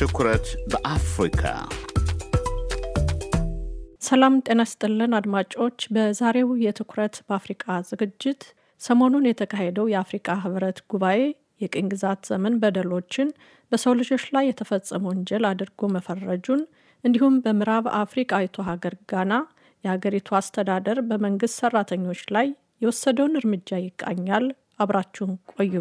ትኩረት በአፍሪካ ሰላም ጤና ስጥልን አድማጮች። በዛሬው የትኩረት በአፍሪካ ዝግጅት ሰሞኑን የተካሄደው የአፍሪካ ህብረት ጉባኤ የቅኝ ግዛት ዘመን በደሎችን በሰው ልጆች ላይ የተፈጸመ ወንጀል አድርጎ መፈረጁን እንዲሁም በምዕራብ አይቶ ሀገር ጋና የሀገሪቱ አስተዳደር በመንግስት ሰራተኞች ላይ የወሰደውን እርምጃ ይቃኛል። አብራችሁን ቆዩ።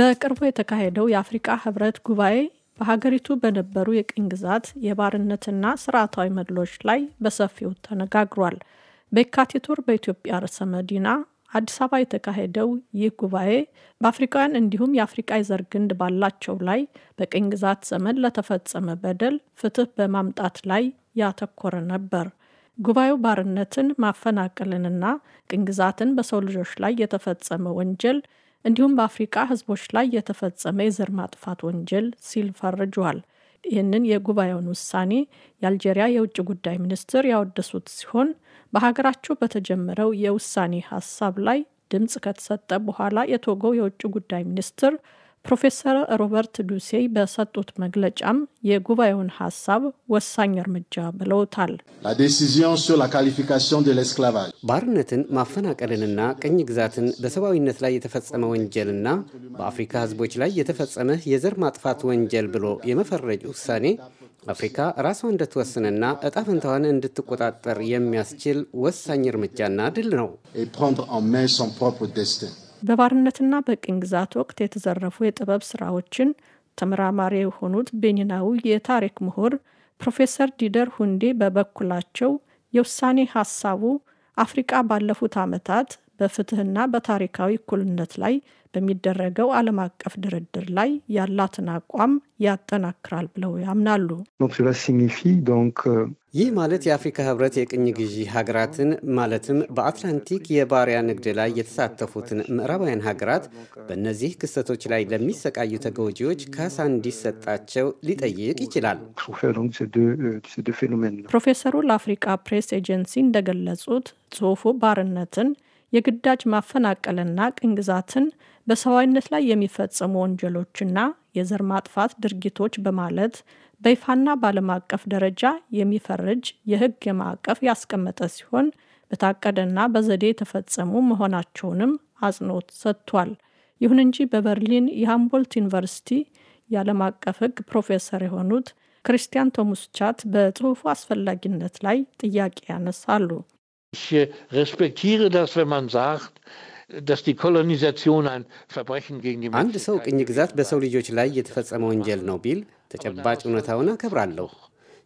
በቅርቡ የተካሄደው የአፍሪቃ ህብረት ጉባኤ በሀገሪቱ በነበሩ የቅኝ ግዛት የባርነትና ስርዓታዊ መድሎች ላይ በሰፊው ተነጋግሯል። በየካቲት ወር በኢትዮጵያ ርዕሰ መዲና አዲስ አበባ የተካሄደው ይህ ጉባኤ በአፍሪካውያን እንዲሁም የአፍሪቃ የዘር ግንድ ባላቸው ላይ በቅኝ ግዛት ዘመን ለተፈጸመ በደል ፍትህ በማምጣት ላይ ያተኮረ ነበር። ጉባኤው ባርነትን፣ ማፈናቀልንና ቅኝ ግዛትን በሰው ልጆች ላይ የተፈጸመ ወንጀል እንዲሁም በአፍሪቃ ህዝቦች ላይ የተፈጸመ የዘር ማጥፋት ወንጀል ሲል ፈርጇል። ይህንን የጉባኤውን ውሳኔ የአልጄሪያ የውጭ ጉዳይ ሚኒስትር ያወደሱት ሲሆን በሀገራቸው በተጀመረው የውሳኔ ሀሳብ ላይ ድምፅ ከተሰጠ በኋላ የቶጎ የውጭ ጉዳይ ሚኒስትር ፕሮፌሰር ሮበርት ዱሴይ በሰጡት መግለጫም የጉባኤውን ሀሳብ ወሳኝ እርምጃ ብለውታል። ባርነትን ማፈናቀልንና ቅኝ ግዛትን በሰብአዊነት ላይ የተፈጸመ ወንጀልና በአፍሪካ ሕዝቦች ላይ የተፈጸመ የዘር ማጥፋት ወንጀል ብሎ የመፈረጅ ውሳኔ አፍሪካ ራሷ እንድትወስንና እጣ ፈንታዋን እንድትቆጣጠር የሚያስችል ወሳኝ እርምጃና ድል ነው። በባርነትና በቅኝ ግዛት ወቅት የተዘረፉ የጥበብ ስራዎችን ተመራማሪ የሆኑት ቤኒናዊ የታሪክ ምሁር ፕሮፌሰር ዲደር ሁንዴ በበኩላቸው የውሳኔ ሀሳቡ አፍሪቃ ባለፉት ዓመታት በፍትህና በታሪካዊ እኩልነት ላይ በሚደረገው ዓለም አቀፍ ድርድር ላይ ያላትን አቋም ያጠናክራል ብለው ያምናሉ። euh, ይህ ማለት የአፍሪካ ህብረት የቅኝ ግዢ ሀገራትን ማለትም በአትላንቲክ የባሪያ ንግድ ላይ የተሳተፉትን ምዕራባውያን ሀገራት በእነዚህ ክስተቶች ላይ ለሚሰቃዩ ተጎጂዎች ካሳ እንዲሰጣቸው ሊጠይቅ ይችላል። euh, ፕሮፌሰሩ ለአፍሪካ ፕሬስ ኤጀንሲ እንደገለጹት ጽሁፉ ባርነትን የግዳጅ ማፈናቀልና ቅኝ ግዛትን በሰብአዊነት ላይ የሚፈጸሙ ወንጀሎችና የዘር ማጥፋት ድርጊቶች በማለት በይፋና በዓለም አቀፍ ደረጃ የሚፈርጅ የሕግ የማዕቀፍ ያስቀመጠ ሲሆን በታቀደና በዘዴ የተፈጸሙ መሆናቸውንም አጽንኦት ሰጥቷል። ይሁን እንጂ በበርሊን የሃምቦልት ዩኒቨርሲቲ የዓለም አቀፍ ሕግ ፕሮፌሰር የሆኑት ክርስቲያን ቶሙስቻት በጽሑፉ አስፈላጊነት ላይ ጥያቄ ያነሳሉ። Ich äh, respektiere das, wenn man sagt, dass die Kolonisation ein Verbrechen gegen die አንድ ሰው ቅኝ ግዛት በሰው ልጆች ላይ ወንጀል ነው ቢል ተጨባጭ እውነታውን አከብራለሁ።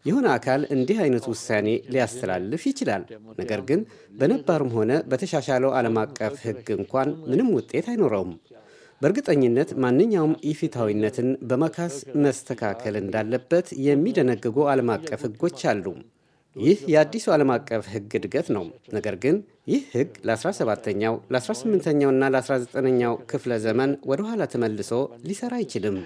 የሆነ አካል እንዲህ አይነት ውሳኔ ሊያስተላልፍ ይችላል። ነገር ግን በነባሩም ሆነ በተሻሻለው ዓለም አቀፍ ህግ እንኳን ምንም ውጤት አይኖረውም። በእርግጠኝነት ማንኛውም ኢፊታዊነትን በመካስ መስተካከል እንዳለበት የሚደነግጉ ዓለም አቀፍ ህጎች አሉ። ይህ የአዲሱ ዓለም አቀፍ ሕግ እድገት ነው። ነገር ግን ይህ ሕግ ለ17ኛው ለ18ኛውና ለ19ኛው ክፍለ ዘመን ወደ ኋላ ተመልሶ ሊሰራ አይችልም።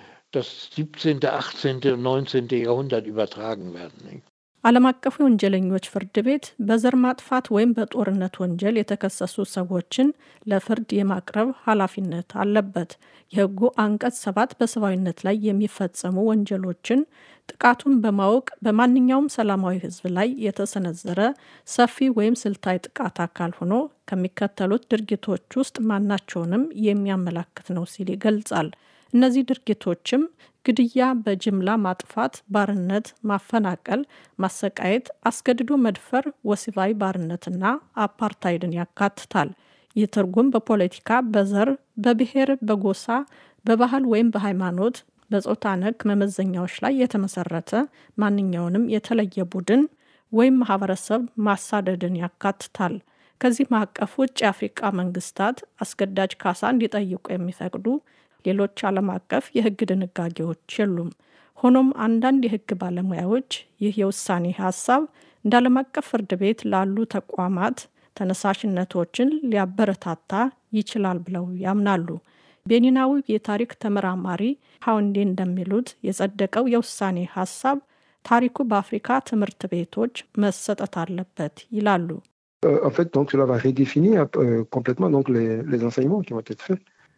ዓለም አቀፉ የወንጀለኞች ፍርድ ቤት በዘር ማጥፋት ወይም በጦርነት ወንጀል የተከሰሱ ሰዎችን ለፍርድ የማቅረብ ኃላፊነት አለበት። የሕጉ አንቀጽ ሰባት በሰብአዊነት ላይ የሚፈጸሙ ወንጀሎችን ጥቃቱን በማወቅ በማንኛውም ሰላማዊ ሕዝብ ላይ የተሰነዘረ ሰፊ ወይም ስልታዊ ጥቃት አካል ሆኖ ከሚከተሉት ድርጊቶች ውስጥ ማናቸውንም የሚያመላክት ነው ሲል ይገልጻል። እነዚህ ድርጊቶችም ግድያ፣ በጅምላ ማጥፋት፣ ባርነት፣ ማፈናቀል፣ ማሰቃየት፣ አስገድዶ መድፈር፣ ወሲባዊ ባርነትና አፓርታይድን ያካትታል። ይህ ትርጉም በፖለቲካ፣ በዘር፣ በብሔር፣ በጎሳ፣ በባህል ወይም በሃይማኖት በጾታ ነክ መመዘኛዎች ላይ የተመሰረተ ማንኛውንም የተለየ ቡድን ወይም ማህበረሰብ ማሳደድን ያካትታል። ከዚህ ማዕቀፍ ውጭ የአፍሪቃ መንግስታት አስገዳጅ ካሳ እንዲጠይቁ የሚፈቅዱ ሌሎች ዓለም አቀፍ የሕግ ድንጋጌዎች የሉም። ሆኖም አንዳንድ የሕግ ባለሙያዎች ይህ የውሳኔ ሀሳብ እንደ ዓለም አቀፍ ፍርድ ቤት ላሉ ተቋማት ተነሳሽነቶችን ሊያበረታታ ይችላል ብለው ያምናሉ። ቤኒናዊ የታሪክ ተመራማሪ ሀውንዴ እንደሚሉት የጸደቀው የውሳኔ ሀሳብ ታሪኩ በአፍሪካ ትምህርት ቤቶች መሰጠት አለበት ይላሉ።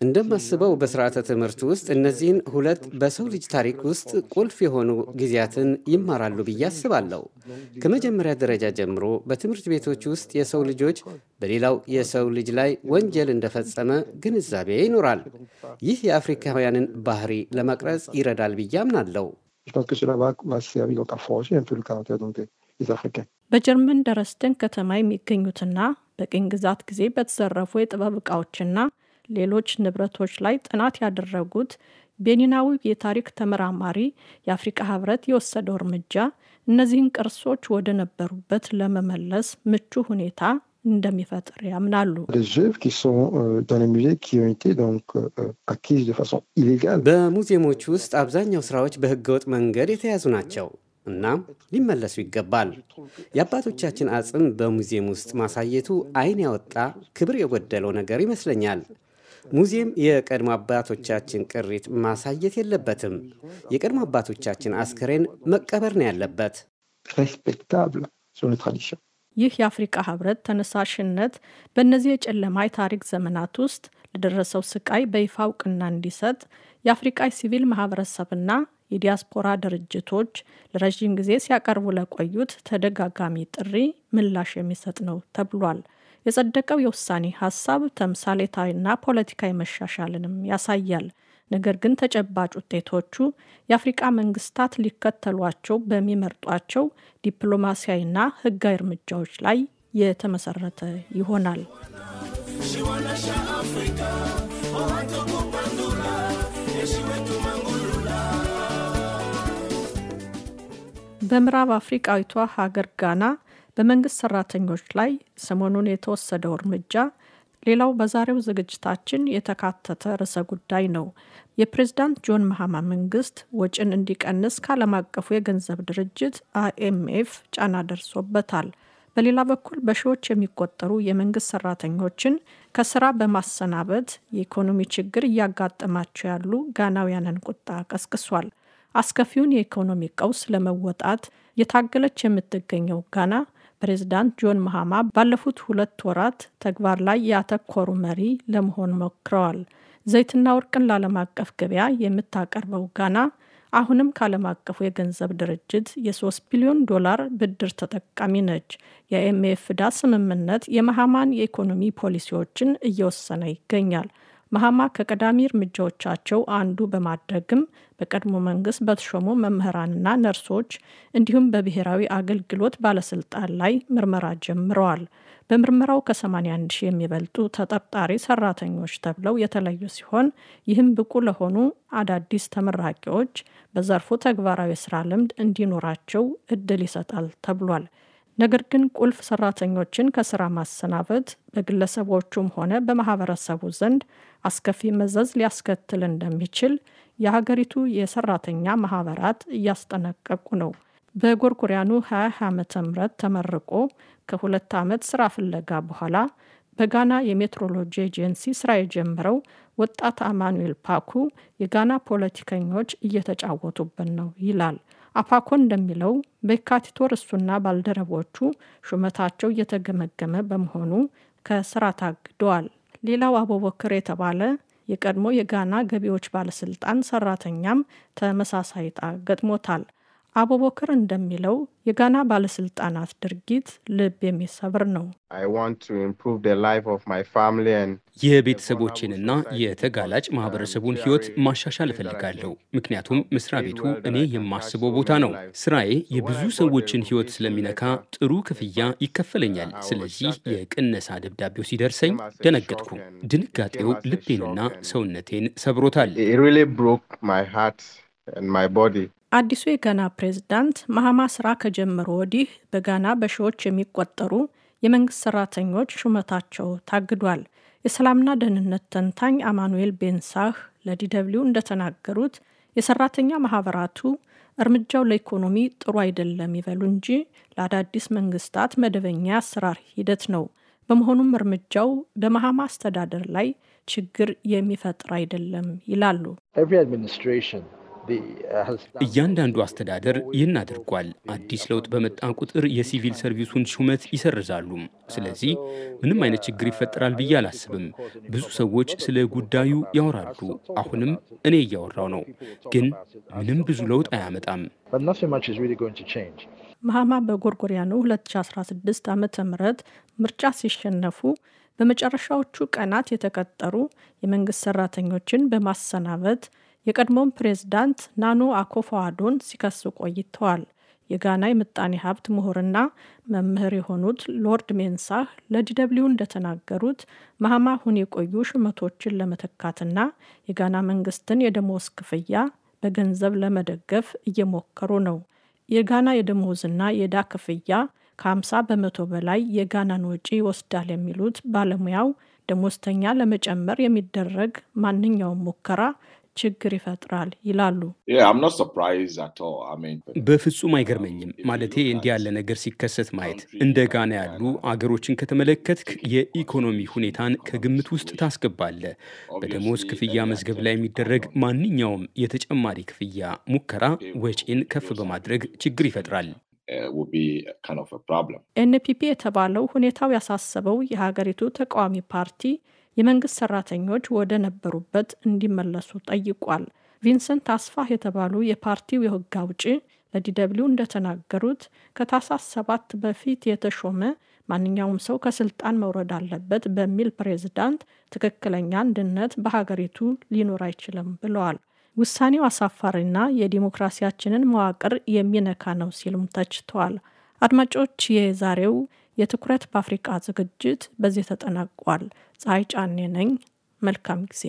እንደማስበው በስርዓተ ትምህርት ውስጥ እነዚህን ሁለት በሰው ልጅ ታሪክ ውስጥ ቁልፍ የሆኑ ጊዜያትን ይማራሉ ብዬ አስባለሁ። ከመጀመሪያ ደረጃ ጀምሮ በትምህርት ቤቶች ውስጥ የሰው ልጆች በሌላው የሰው ልጅ ላይ ወንጀል እንደፈጸመ ግንዛቤ ይኖራል። ይህ የአፍሪካውያንን ባህሪ ለመቅረጽ ይረዳል ብዬ አምናለሁ። በጀርመን ደረስደን ከተማ የሚገኙትና በቅኝ ግዛት ጊዜ በተዘረፉ የጥበብ እቃዎችና ሌሎች ንብረቶች ላይ ጥናት ያደረጉት ቤኒናዊ የታሪክ ተመራማሪ የአፍሪቃ ህብረት የወሰደው እርምጃ እነዚህን ቅርሶች ወደ ነበሩበት ለመመለስ ምቹ ሁኔታ እንደሚፈጥር ያምናሉ። euh, euh, በሙዚየሞች ውስጥ አብዛኛው ስራዎች በህገወጥ መንገድ የተያዙ ናቸው። እናም ሊመለሱ ይገባል። የአባቶቻችን አጽም በሙዚየም ውስጥ ማሳየቱ አይን ያወጣ ክብር የጎደለው ነገር ይመስለኛል። ሙዚየም የቀድሞ አባቶቻችን ቅሪት ማሳየት የለበትም። የቀድሞ አባቶቻችን አስክሬን መቀበር ነው ያለበት። ይህ የአፍሪቃ ህብረት ተነሳሽነት በእነዚህ የጨለማ የታሪክ ዘመናት ውስጥ ለደረሰው ስቃይ በይፋ እውቅና እንዲሰጥ የአፍሪቃ ሲቪል ማህበረሰብና የዲያስፖራ ድርጅቶች ለረዥም ጊዜ ሲያቀርቡ ለቆዩት ተደጋጋሚ ጥሪ ምላሽ የሚሰጥ ነው ተብሏል። የጸደቀው የውሳኔ ሀሳብ ተምሳሌታዊና ፖለቲካዊ መሻሻልንም ያሳያል። ነገር ግን ተጨባጭ ውጤቶቹ የአፍሪቃ መንግስታት ሊከተሏቸው በሚመርጧቸው ዲፕሎማሲያዊና ህጋዊ እርምጃዎች ላይ የተመሰረተ ይሆናል። በምዕራብ አፍሪቃዊቷ ሀገር ጋና በመንግስት ሰራተኞች ላይ ሰሞኑን የተወሰደው እርምጃ ሌላው በዛሬው ዝግጅታችን የተካተተ ርዕሰ ጉዳይ ነው። የፕሬዝዳንት ጆን መሃማ መንግስት ወጪን እንዲቀንስ ከዓለም አቀፉ የገንዘብ ድርጅት አይኤምኤፍ ጫና ደርሶበታል። በሌላ በኩል በሺዎች የሚቆጠሩ የመንግስት ሰራተኞችን ከስራ በማሰናበት የኢኮኖሚ ችግር እያጋጠማቸው ያሉ ጋናውያንን ቁጣ ቀስቅሷል። አስከፊውን የኢኮኖሚ ቀውስ ለመወጣት የታገለች የምትገኘው ጋና ፕሬዝዳንት ጆን መሃማ ባለፉት ሁለት ወራት ተግባር ላይ ያተኮሩ መሪ ለመሆን ሞክረዋል። ዘይትና ወርቅን ለዓለም አቀፍ ገበያ የምታቀርበው ጋና አሁንም ከዓለም አቀፉ የገንዘብ ድርጅት የ3 ቢሊዮን ዶላር ብድር ተጠቃሚ ነች። የአይኤምኤፍ ዕዳ ስምምነት የመሃማን የኢኮኖሚ ፖሊሲዎችን እየወሰነ ይገኛል። መሀማ ከቀዳሚ እርምጃዎቻቸው አንዱ በማድረግም በቀድሞ መንግስት በተሾሙ መምህራንና ነርሶች እንዲሁም በብሔራዊ አገልግሎት ባለስልጣን ላይ ምርመራ ጀምረዋል። በምርመራው ከ81 ሺህ የሚበልጡ ተጠርጣሪ ሰራተኞች ተብለው የተለዩ ሲሆን ይህም ብቁ ለሆኑ አዳዲስ ተመራቂዎች በዘርፉ ተግባራዊ ስራ ልምድ እንዲኖራቸው እድል ይሰጣል ተብሏል። ነገር ግን ቁልፍ ሰራተኞችን ከስራ ማሰናበት በግለሰቦቹም ሆነ በማህበረሰቡ ዘንድ አስከፊ መዘዝ ሊያስከትል እንደሚችል የሀገሪቱ የሰራተኛ ማህበራት እያስጠነቀቁ ነው። በጎርጎሪያኑ 20 ዓመተ ምህረት ተመርቆ ከሁለት ዓመት ስራ ፍለጋ በኋላ በጋና የሜትሮሎጂ ኤጀንሲ ስራ የጀመረው ወጣት አማኑኤል ፓኩ የጋና ፖለቲከኞች እየተጫወቱብን ነው ይላል። አፓኮ እንደሚለው በየካቲት ወር እሱና ባልደረቦቹ ሹመታቸው እየተገመገመ በመሆኑ ከስራ ታግደዋል። ሌላው አቡበክር የተባለ የቀድሞ የጋና ገቢዎች ባለስልጣን ሰራተኛም ተመሳሳይ ዕጣ ገጥሞታል። አቡበክር እንደሚለው የጋና ባለስልጣናት ድርጊት ልብ የሚሰብር ነው። የቤተሰቦቼንና የተጋላጭ ማህበረሰቡን ህይወት ማሻሻል እፈልጋለሁ። ምክንያቱም መስሪያ ቤቱ እኔ የማስበው ቦታ ነው። ስራዬ የብዙ ሰዎችን ሕይወት ስለሚነካ ጥሩ ክፍያ ይከፈለኛል። ስለዚህ የቅነሳ ደብዳቤው ሲደርሰኝ ደነገጥኩ። ድንጋጤው ልቤንና ሰውነቴን ሰብሮታል። አዲሱ የጋና ፕሬዝዳንት ማሃማ ስራ ከጀመሩ ወዲህ በጋና በሺዎች የሚቆጠሩ የመንግስት ሰራተኞች ሹመታቸው ታግዷል። የሰላምና ደህንነት ተንታኝ አማኑኤል ቤንሳህ ለዲደብሊው እንደተናገሩት የሰራተኛ ማህበራቱ እርምጃው ለኢኮኖሚ ጥሩ አይደለም ይበሉ እንጂ ለአዳዲስ መንግስታት መደበኛ አሰራር ሂደት ነው። በመሆኑም እርምጃው በመሃማ አስተዳደር ላይ ችግር የሚፈጥር አይደለም ይላሉ። እያንዳንዱ አስተዳደር ይህን አድርጓል። አዲስ ለውጥ በመጣ ቁጥር የሲቪል ሰርቪሱን ሹመት ይሰርዛሉ። ስለዚህ ምንም አይነት ችግር ይፈጠራል ብዬ አላስብም። ብዙ ሰዎች ስለ ጉዳዩ ያወራሉ። አሁንም እኔ እያወራው ነው፣ ግን ምንም ብዙ ለውጥ አያመጣም። መሃማ በጎርጎሪያኑ 2016 ዓ ም ምርጫ ሲሸነፉ በመጨረሻዎቹ ቀናት የተቀጠሩ የመንግስት ሰራተኞችን በማሰናበት የቀድሞም ፕሬዝዳንት ናኑ አኮፎዋዶን ሲከሱ ቆይተዋል። የጋና የምጣኔ ሀብት ምሁርና መምህር የሆኑት ሎርድ ሜንሳህ ለዲደብሊው እንደተናገሩት መሀማ ሁን የቆዩ ሹመቶችን ለመተካትና የጋና መንግስትን የደሞዝ ክፍያ በገንዘብ ለመደገፍ እየሞከሩ ነው። የጋና የደሞዝና የዕዳ ክፍያ ከ50 በመቶ በላይ የጋናን ወጪ ይወስዳል የሚሉት ባለሙያው ደሞዝተኛ ለመጨመር የሚደረግ ማንኛውም ሙከራ ችግር ይፈጥራል ይላሉ። በፍጹም አይገርመኝም። ማለቴ እንዲህ ያለ ነገር ሲከሰት ማየት እንደ ጋና ያሉ አገሮችን ከተመለከትክ የኢኮኖሚ ሁኔታን ከግምት ውስጥ ታስገባለ። በደሞዝ ክፍያ መዝገብ ላይ የሚደረግ ማንኛውም የተጨማሪ ክፍያ ሙከራ ወጪን ከፍ በማድረግ ችግር ይፈጥራል። uh, ኤንፒፒ የተባለው ሁኔታው ያሳሰበው የሀገሪቱ ተቃዋሚ ፓርቲ የመንግስት ሰራተኞች ወደ ነበሩበት እንዲመለሱ ጠይቋል። ቪንሰንት አስፋህ የተባሉ የፓርቲው የህግ አውጪ ለዲደብሊው እንደተናገሩት ከታህሳስ ሰባት በፊት የተሾመ ማንኛውም ሰው ከስልጣን መውረድ አለበት በሚል ፕሬዝዳንት ትክክለኛ አንድነት በሀገሪቱ ሊኖር አይችልም ብለዋል። ውሳኔው አሳፋሪና የዲሞክራሲያችንን መዋቅር የሚነካ ነው ሲሉም ተችተዋል። አድማጮች የዛሬው የትኩረት በአፍሪቃ ዝግጅት በዚህ ተጠናቋል። ፀሐይ ጫኔ ነኝ። መልካም ጊዜ